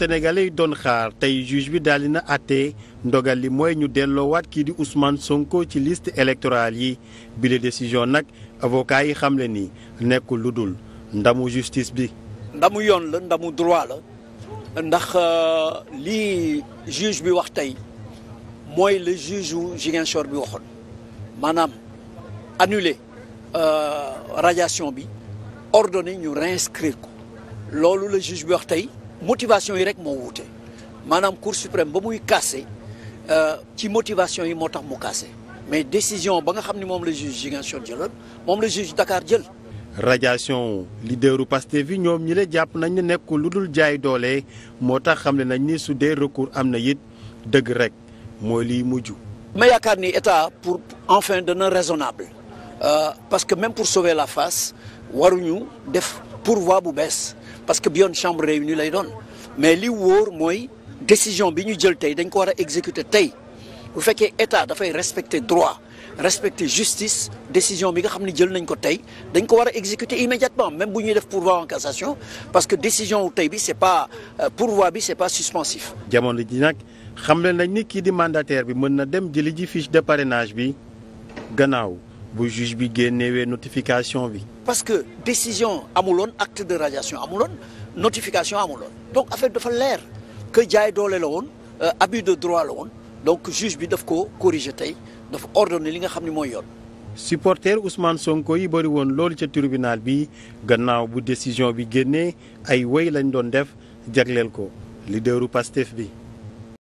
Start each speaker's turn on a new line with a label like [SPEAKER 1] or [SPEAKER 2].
[SPEAKER 1] sénégalais yi doon xaar tey juge bi daal na àtte ndogal li mooy ñu delloo waat kii di Ousmane Sonko ci liste électorale yi bile décision nag avocat yi xamle ni nekkul lu dul ndamu justice bi.
[SPEAKER 2] ndamu yoon la ndamu droit la ndax euh, lii juge bi wax tey mooy le juge wu Ziguinchor bi waxoon maanaam annuler euh, radiation bi ordonné ñu réinscrire ko loolu la juge bi wax tey. motivation yi rek moo wute maanaam cour suprême ba muy cassé euh, ci motivation yi moo tax mu cassé mais décision ba nga xam ni moom la juge Ziguinchor jëloon moom la juge Dakar jël.
[SPEAKER 1] radiation leaderu Pastef yi ñoom ñi la jàpp nañ ne nekkul lu dul jaay doole moo tax xam ne nañ ni su dee recours am na it dëgg rek mooy liy mujj. ma yaakaar
[SPEAKER 2] ni état pour enfin dana raisonnable euh, parce que même pour sauver la fas waruñu def pourvoi bu bees. parce que bi yoon chambre réunie lay doon mais li wóor mooy décision bi ñu jël tey dañ ko war a exécuter tey bu fekkee état dafay respecter droit respecter justice décision bi nga xam ne jël nañ ko tey dañ ko war a exécuter immédiatement même bu ñuy def pourvoi en cassation parce que décision wu tey bi c'est pas euh, pourvoi bi c'est pas suspensif.
[SPEAKER 1] jamono ji nag xam leen nañ ni kii di mandataire bi mën na dem jëli ji fiche de parrainage bi gannaaw. bu juge bi génnewee notification bi.
[SPEAKER 2] parce que décision amuloon acte de radiation amuloon notification amuloon donc affaire dafa leer que jaay doole la woon euh, abus de droit la woon donc juge bi daf ko corriger tey dafa ordonné li nga xam ne mooy yoon.
[SPEAKER 1] supporter Ousmane Sonko yi bëri woon loolu ca tribunal bi gannaaw bu décision bi génnee ay woy lañ doon def jagleel ko leaderu Pastef bi.